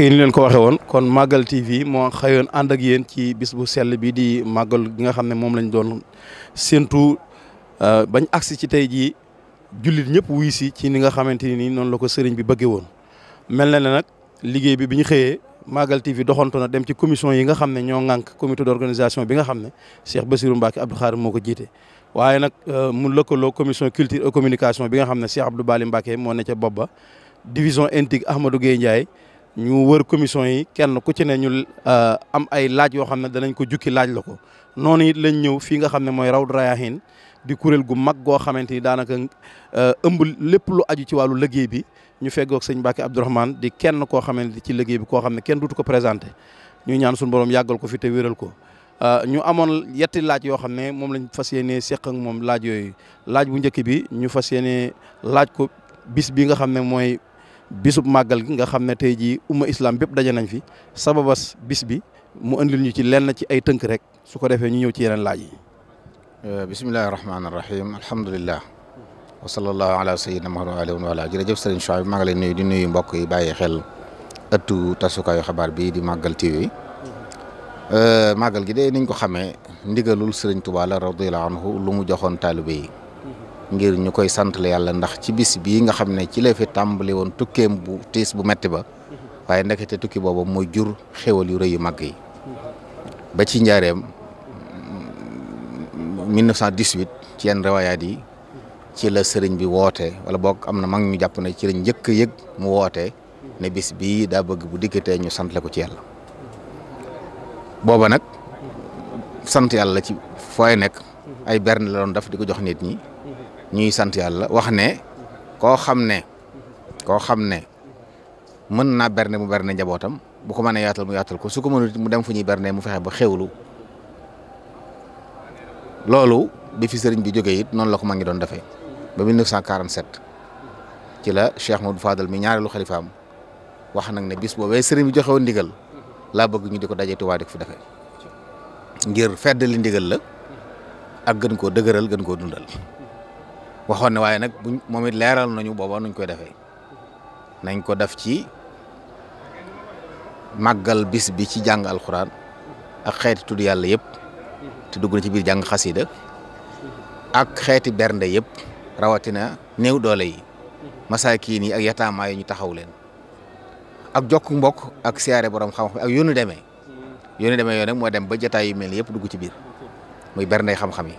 mbokk yi leen ko waxee woon kon Magal TV moo xëyoon ànd ak yéen ci bis bu sell bi di màggal gi nga xam ne moom lañ doon séntu euh, bañ agsi ci tey jii jullit ñëpp wuy si ci ni nga xamante ni noonu la ko sëriñ bi bëggee woon. mel na ne nag liggéey bi bi ñu xëyee Magal TV doxantu na dem ci commission yi nga xam ne ñoo ŋànk comité d'organisation bi nga xam ne Cheikh Bassirou Mbacke Abdou Khare moo ko jiite. waaye nag euh, mu lëkkaloo commission culture et communication bi nga xam ne Cheikh Abdou Bali Mbacke moo ne ca bopp ba division intique Ahmadou Gueye Ndiaye ñu wër commission yi kenn ku ci ne ñu euh, am ay laaj yoo xam ne danañ ko jukki laaj la ko noonu it lañ ñëw fii nga xam ne mooy raw Rawdu Rayaahiin di kuréel gu mag goo xamante ni daanaka euh, ëmb lépp lu aju ci wàllu liggéey bi ñu feggoog sëñ Mbacke Abdourahmane di kenn koo xamante ci liggéey bi koo xam ne kenn duutu ko présenté ñu ñaan suñu borom yàggal ko fi te wéral ko euh, ñu amoon yetti laaj yoo xam ne moom lañ fas yéenee seq ak moom laaj yooyu laaj bu njëkk bi ñu fas yéenee laaj ko bis bi nga xam ne mooy bisub màggal gi nga xam ne tey jii umma islam bépp daje nañ fi sababas bis bi mu andil ñu ci lenn ci ay tënk rek su ko defee ñu ñëw ci yeneen laaj yi. Euh, bisimilah rahmaani rahiim alhamdulilah. wa sallallahu ala sayyidina Muhammad wa alihi wa ala jërëjëf Serigne Chouaib maa ngi lay nuyu di nuyu mbokk yi bàyyi xel ëttu tasukaayu xabaar bi di màggal TV. Euh, màggal gi de niñ ko xamee ndigalul Serigne Touba la radiyallahu anhu lu mu joxoon taalibe yi ngir ñu koy santal yàlla ndax ci bis bii nga xam ne ci la fi tàmbali woon tukkeem bu tiis bu metti ba waaye ndekete tukki booba mooy jur xéwal yu rëy yu màgg yi ba ci njaareem 1918 mm, ci yenn rewayaat yi ci la sëriñ bi woote wala boog am na mag ñu jàpp ne ci la njëkk a yëg mu woote ne bis bii daa bëgg bu dikkatee ñu santle ko ci yàlla booba nag sant yàlla ci fooy nekk ay berne la doon def di ko jox nit ñi ñuy sant yàlla wax ne koo xam ne koo xam ne mën naa berne mu berne njabootam bu ko mënee yaatal mu yaatal ko su ko mënut mu dem fu ñuy berne mu fexe ba xewlu loolu bi fi sëriñ bi jógee it noonu la ko ma ngi doon defee ba 1947 ci la Cheikh Modou Fadal mi ñaareelu xalifaam wax nag ne bis boobee sëriñ bi joxe woon ndigal laa bëgg ñu di ko dajee tuwaa di ko fi defee ngir feddali ndigal la ak gën koo dëgëral gën koo dundal waxoon ne waaye nag buñ moom it leeral nañu booba nuñ koy defee nañ ko def ci màggal bis bi ci jàng alxuraan ak xeeti tudd yàlla yëpp te dugg na ci biir jàng xasida ak xeeti bernde yëpp rawatina néew doole yi masaakiin yi ak yataamaa yi ñu taxaw leen ak jokk mbokk ak siyaare borom xam-xam ak yoonu demee yoonu demee yoo nag moo dem ba jataay yu mel yëpp dugg ci biir muy berndey xam-xam yi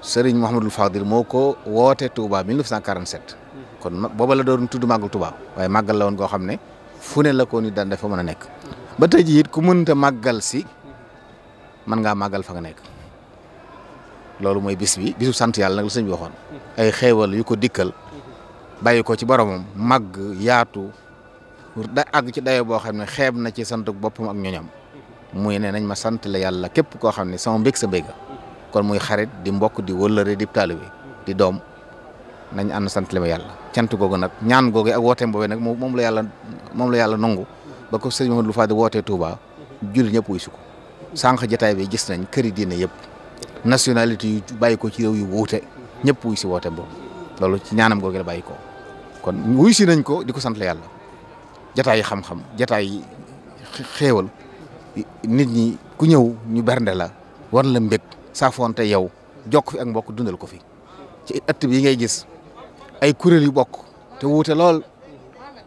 sëriñ Mouhamadul Fadil moo ko woote Touba 1947. kon booba la doon tudd màggal Touba waaye màggal la woon koo xam ne fu ne la ko nit daan dafa mën a nekk. ba tey jii it ku mënta màggal si mën ngaa màggal fa nga nekk loolu mooy bis bi bisu sant yàlla nag la sëñ bi waxoon. ay xéewal yu ko dikkal. bàyyi ko ci boromam màgg yaatu da àgg ci dayo boo xam ne xeeb na ci sant boppam ak ñoñam muy ne nañ ma sant la yàlla képp koo xam ne sama mbég sa mbég kon muy xarit di mbokk di wëllëre di taalibe di doom nañ ànd sant li yàlla cant googu nag ñaan googu ak wooteem boobee nag moom la yàlla moom la yàlla nangu ba ko sëñ faa Fadi wootee Touba julli ñëpp wuy ko sànq jotaay bi gis nañ këri diine yëpp nationalité yu bàyyi ko ci réew yu wuute ñëpp wuy si wooteem boobu loolu ci ñaanam googu la bàyyi ko kon wuy nañ ko di ko sant la yàlla jotaay yi xam-xam jotaay yi xéewal nit ñi ku ñëw ñu bernde la war la mbég saafoonte yow jokk fi ak mbokk dundal ko fi ci ëtt bi ngay gis ay kuréel yu bokk te wuute lool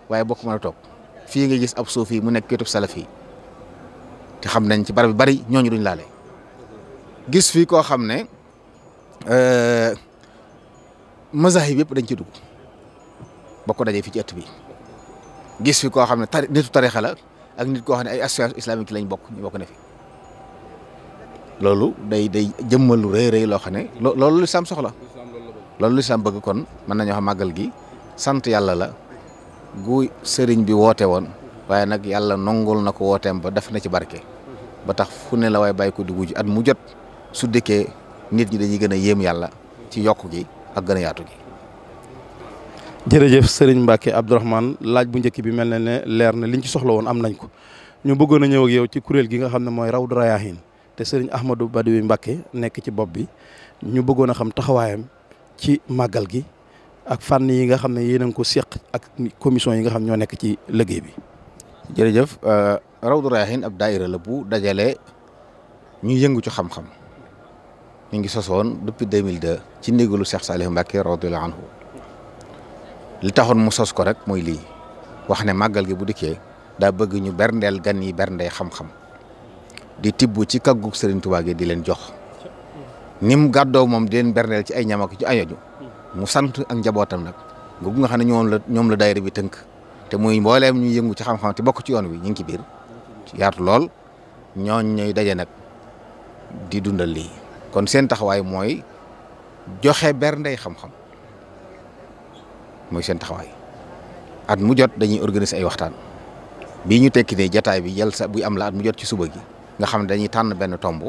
waaye bokk ma a toog fii ngay gis ab suufi mu nekk kétub salafi te xam nañ ci barab yu bari ñooñu duñ laale gis fii koo xam ne euh, mazahib yëpp dañ ci dugg bokk dajee fii ci ëtt bi gis fi koo xam ne nitu tarixa la ak nit koo xam ne ay association islamique lañ bokk ñu bokk na fi loolu day day jëmmalu lu rëy rëy loo xam ne loolu sam soxla loolu lu sam bëgg kon mën nañoo xam màggal gi sant yàlla la gu sëriñ bi woote woon waaye nag yàlla nongul na ko wooteem ba def na ci barke ba tax fu ne la waaye bàyyi ko di wujj at mu jot su dëkkee nit ñi dañuy gën a yéem yàlla ci yokk gi ak gën a yaatu gi jërëjëf sëriñ Mbacke Abdourahmane laaj bu njëkk bi mel na ne leer na liñ ci soxla woon am nañ ko ñu bëggoon a ñëw yow ci kuréel gi nga xam ne mooy Rawdu te sëriñ Ahmadou Badawi Mbacké nekk ci bopp bi ñu bëggoon a xam taxawaayam ci màggal gi ak fànn yi nga xam ne yéen a ngi ko seq ak commission yi nga xam ñoo nekk ci liggéey bi. jërëjëf euh, Rawdu Rayaahiin ab daayira la bu dajale ñu yëngu ci xam-xam ñu ngi sosoon depuis 2002 ci ndigalu Cheikh Salih Mbacké radiyallahu anhu li taxoon mu sos ko rek mooy lii wax ne màggal gi bu dikkee daa bëgg ñu berndeel gan yi berndee xam-xam. di tibb ci kaggu Serigne Touba gi di leen jox ni gàddoo moom den leen berndeel ci ay ñam ci ayaju mu sant ak njabootam nag googu nga xam ne ñoom ñoom la daayira bi tënk te muy mbooleem ñuy yëngu ci xam-xam te bokk ci yoon wi ñu ngi ci biir yaatu lool ñooñ ñooy daje nag di dundal lii kon seen taxawaay mooy joxe berndey xam-xam mooy seen taxawaay at mu jot dañuy organiser ay waxtaan bii ñu tekki ne jataay bi yal sax buy am la at mu jot ci suba gi nga xam ne dañuy tànn benn tomb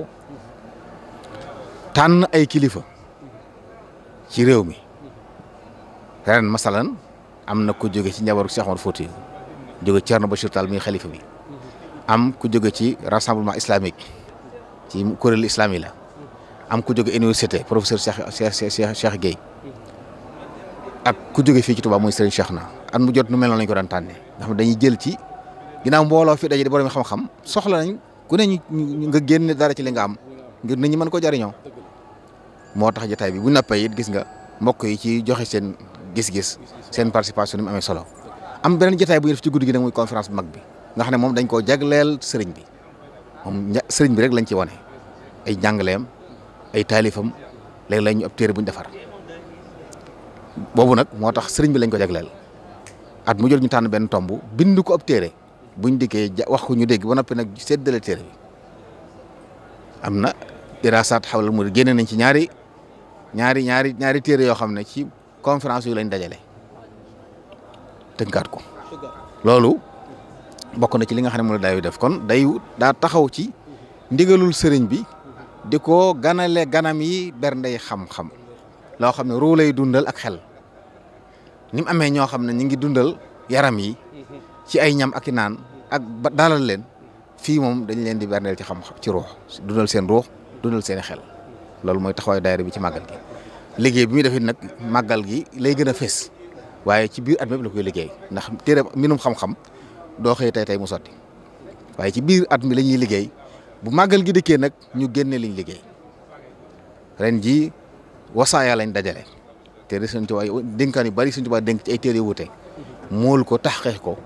tànn ay kilifa ci réew mi ren masalan am na ku jóge ci njabootu Cheikh Omar Fouti jóge Thierno Bachir Tall mi xalifa bi am ku jóge ci rassemblement islamique ci kuréelu islam yi la am ku jóge université professeur Cheikh Cheikh ak ku jóge fii ci Touba muy Serigne seex na at jot nu mel lañ ko daan nga xam ne jël ci ginnaaw mbooloo fi daje di borom xam-xam soxla nañ. ku ne ñu nga génne dara ci li nga am ngir nit ñi mën ko jariñoo moo tax jotaay bi bu nappee it gis nga mbokk yi ci joxe seen gis-gis seen participation ni amee solo am beneen jotaay bu def ci guddi gi nag muy mag bi nga ne moom dañ koo jagleel sëriñ bi moom sëriñ bi rek lañ ci wane ay jàngaleem ay taalifam léeg-léeg ñu ab téere defar boobu nag moo tax sëriñ bi lañ ko jagleel at mu jël ñu tànn benn tomb bind ko ab téere buñ dikkee wax ko ñu dégg ba noppi nag séddale téere bi am na diraasaat xawla mu génne nañ ci ñaari ñaari ñaari ñaari téere yoo xam ne ci conférence yu lañ dajale tënkaat ko loolu bokk na ci li nga xam ne moom la def kon day daa taxaw ci ndigalul sëriñ bi di ko ganale ganam yi berndey xam-xam loo xam ne ruu lay dundal ak xel ni mu amee ñoo xam ne ñu ngi dundal yaram yi ci ay ñam ak i naan ak ba dalal leen fii moom dañ leen di berndeel ci xam-xam ci ruux dundal seen ruux dunal seen i xel loolu mooy taxawaayu daayira bi ci màggal gi liggéey bi muy defit nag màggal gi lay gën a fees waaye ci biir at mi la liggéey ndax téere minum xam-xam tey tey mu sotti waaye ci biir at mi la liggéey bu màggal gi dikkee nag ñu génne liñ liggéey ren jii wasaaya lañ dajale téere Sëñ Tuubaa dénkaan yu bari Sëñ Tuubaa dénk ci ay téere wuute mool ko tax taxxeex ko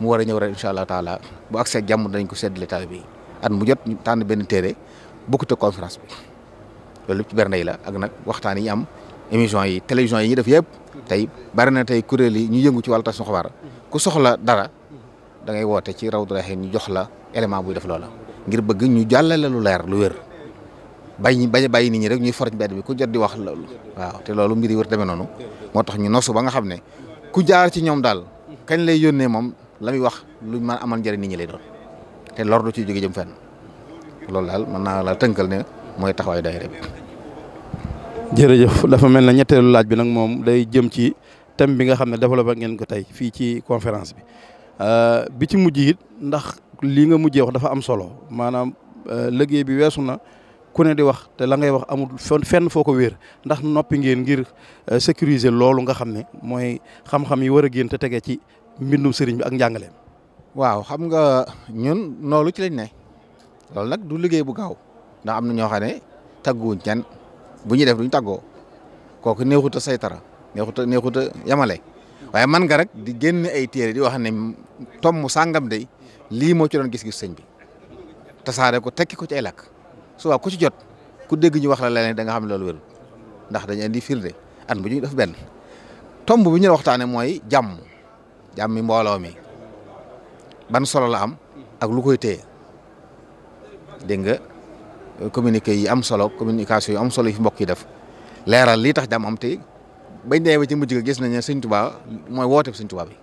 mu war a ñëw rek incha allah taala bu àgg see jàmm dañ ko séddale taalibe yi at mu jot ñu tànn benn téere bokkut ak conférence bi loolu lépp ci bernde la ak nag waxtaan yi am émission yi télévision yi ñu def yëpp tey bari na tey kuréel yi ñu yëngu ci wàllu tasum xabaar ku soxla dara da ngay woote ci Rawdu Rahiim ñu jox la élément buy def loola ngir bëgg ñu jàllale lu leer lu wér bàyyi bañ a bàyyi nit ñi rek ñuy foraj mbedd bi ku jot di wax loolu waaw te loolu mbir yi war demee noonu moo tax ñu nosu ba nga xam ne ku jaar ci ñoom daal kañ lay yónnee moom la wax lu mën a amal njëriñ nit ñi lay doon te lor du ci jóge jëm fenn loolu daal mën naa laa tënkal ne mooy taxawaayu daayira bi. jërëjëf dafa mel ne ñetteelu laaj bi nag moom day jëm ci thème bi nga xam ne développé ngeen ko tey fii ci conférence bi euh, bi ci mujj it ndax lii nga mujjee dafa am solo maanaam euh, liggéey bi weesu na. ku ne di wax te la ngay wax amul fenn foo ko wéer ndax noppi ngeen ngir euh, sécuriser loolu nga xam ne mooy xam-xam yi war a génn te tege ci mbindum sëriñ bi ak njàngaleem. waaw xam nga ñun noolu ci lañ ne loolu nag du liggéey bu gaaw ndax am na ñoo xam ne tagguwuñ kenn bu ñuy def duñ tàggoo kooku neexut saytara neexut a neexut yamale waaye man nga rek di génn ay téere di wax ne tom sàngam day lii moo ci doon gis-gis sëñ bi ta tasaare ko tekki ko ci ay làkk suba ku ci jot ku dégg ñu wax la leneen da nga xam ne loolu wérul ndax dañu indi firnde at bu ñuy def benn tomb bi ñu waxtaanee mooy jàmm. jàmmi mbooloo mi ban solo la am ak lu koy téye dégg nga communiqué yi am solo communication yu am solo yi fi mbokk yi def leeral lii tax jàmm am te bañ dee ba ci mujj ga gis nañ ne sëñ Tuubaa mooy woote sëñ Tuubaa bi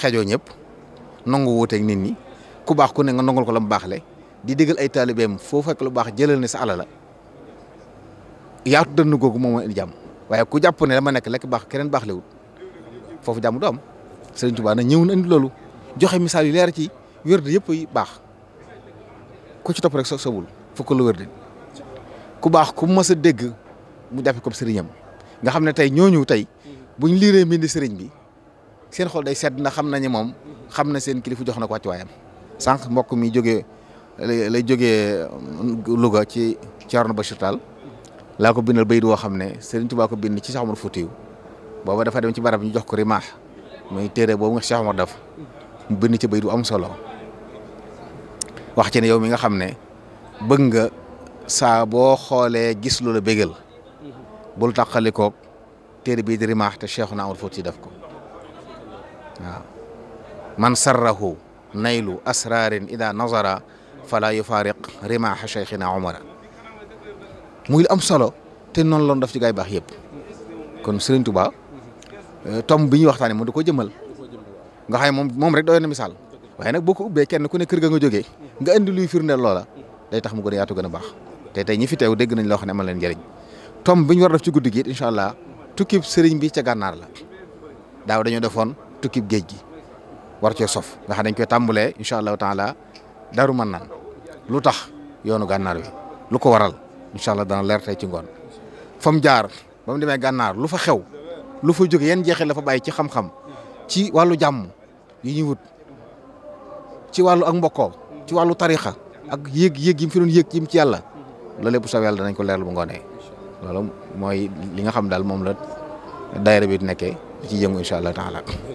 xejoo ñëpp nangu wuuteeg nit ñi ku baax ku ne nga nangul ko la mu le di digal ay taalibeem foo fekk lu baax jëlal ne sa alal la yaatu dënn googu moom mooy indi jàmm waaye ku jàpp ne dama nekk lekk baax keneen baax lewut foofu jam du am sëriñ Tuubaa nag ñëw na indi loolu joxe misaal yu leer ci wérd yëpp yi baax ku ci topp rek so sobul fukk la wérd ku baax ku masa a dégg mu jàppe ko sëriñam nga xam ne tey ñooñu tey buñ liiree mbindi sëriñ bi seen xool day sedd na xam nañu moom xam na seen kilifa jox na ko waayam sànq mbokk mi jógee lay jógee mm, Louga ci Thierno Bachir Tall laa ko bindal bayit woo xam ne Sëriñ Tuubaa ko bind ci Seex Umar Fuutiyu booba dafa dem ci barab ñu jox ko rimaax muy téere boobu nga def mu bind ci bay du am solo wax ci ne yow mi nga xam ne bëgg nga saa boo xoolee gis lu la bégal bul taqalikoog téere bii di rimaax te Cheikh na amul ci def ko waaw man sarrahu naylu asrarin ida nazara fala yufariq rimaaxa cheikhina omara muy lu am solo te noonu loon daf ci gaay baax yëpp kon Sëriñ ba Euh, tom bi ñuy waxtaanee moom da koo jëmmal nga xam ne moom moom rek doyoon na misaal waaye nag boo ko ubbee kenn ku ne kër ga nga jógee nga indi luy firndeel loola day tax mu gën a yaatu gën a baax te tey ñi fi teew dégg nañ loo xam ne amal leen njëriñ tom bi ñu war def ci guddi gi incha allah tukkib sëriñ bi ca gànnaar la daaw dañoo defoon tukkib géej gi war cee sof nga dañ koy tàmbalee incha allahu taala daru man naan lu tax yoonu gannaar wi lu ko waral incha allah dana leer tey ci ngoon fa jaar ba mu demee gànnaar lu fa xew lu fa jóge yan jeexee la fa bàyyi ci xam ci wàllu jàmm yi ñuy ci wàllu ak mbokkoo ci wàllu tarixa ak yéeg yéeg yi mu fi doon yéeg yim ci yàlla loolu lépp sa yàlla danañ ko leeral bu ngoonee loolu mooy li nga xam daal moom la daayira bi nekkee ci yëngu incha allah taala